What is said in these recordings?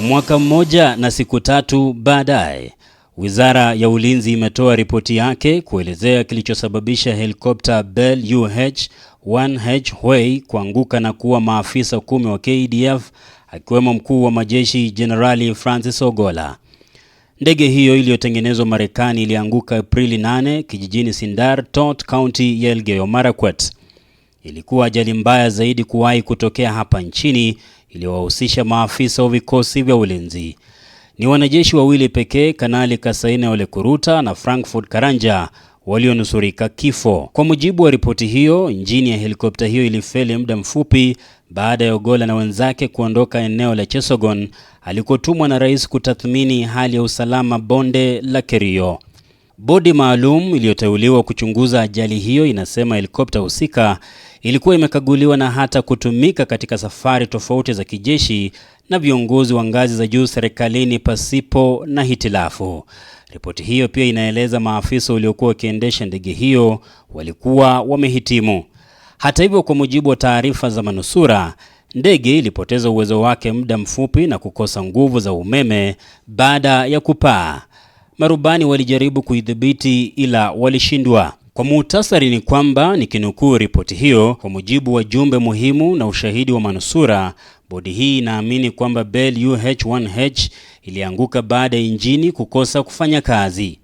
Mwaka mmoja na siku tatu baadaye, Wizara ya Ulinzi imetoa ripoti yake kuelezea kilichosababisha helikopta Bell UH-1H Huey kuanguka na kuua maafisa kumi wa KDF akiwemo mkuu wa majeshi Jenerali Francis Ogola. Ndege hiyo iliyotengenezwa Marekani ilianguka Aprili 8 kijijini Sindar Tot, kaunti ya Elgeyo Marakwet. Ilikuwa ajali mbaya zaidi kuwahi kutokea hapa nchini iliyowahusisha maafisa wa vikosi vya ulinzi. Ni wanajeshi wawili pekee, Kanali Kasaine Ole Kuruta na Frankfurt Karanja walionusurika kifo. Kwa mujibu wa ripoti hiyo, injini ya helikopta hiyo ilifeli muda mfupi baada ya ogola na wenzake kuondoka eneo la Chesogon alikotumwa na rais kutathmini hali ya usalama bonde la Kerio. Bodi maalum iliyoteuliwa kuchunguza ajali hiyo inasema helikopta husika ilikuwa imekaguliwa na hata kutumika katika safari tofauti za kijeshi na viongozi wa ngazi za juu serikalini pasipo na hitilafu. Ripoti hiyo pia inaeleza maafisa waliokuwa wakiendesha ndege hiyo walikuwa wamehitimu. Hata hivyo, kwa mujibu wa taarifa za manusura, ndege ilipoteza uwezo wake muda mfupi na kukosa nguvu za umeme baada ya kupaa. Marubani walijaribu kuidhibiti ila walishindwa. Kwa muhtasari ni kwamba nikinukuu ripoti hiyo, kwa mujibu wa jumbe muhimu na ushahidi wa manusura, bodi hii inaamini kwamba Bell UH-1H ilianguka baada ya injini kukosa kufanya kazi.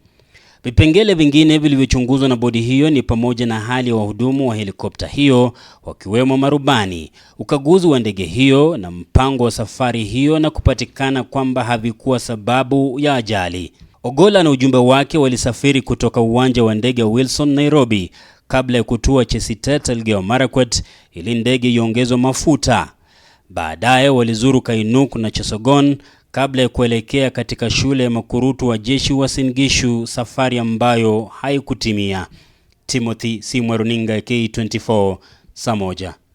Vipengele vingine vilivyochunguzwa na bodi hiyo ni pamoja na hali ya wahudumu wa helikopta hiyo wakiwemo marubani, ukaguzi wa ndege hiyo na mpango wa safari hiyo na kupatikana kwamba havikuwa sababu ya ajali ogola na ujumbe wake walisafiri kutoka uwanja wa ndege wa Wilson Nairobi, kabla ya kutua Chesitet Elgeyo Marakwet ili ndege iongezwe mafuta. Baadaye walizuru Kainuk na Chesogon kabla ya kuelekea katika shule ya makurutu wa jeshi wa Singishu, safari ambayo haikutimia. Timothy Simwa, runinga K24, Samoja.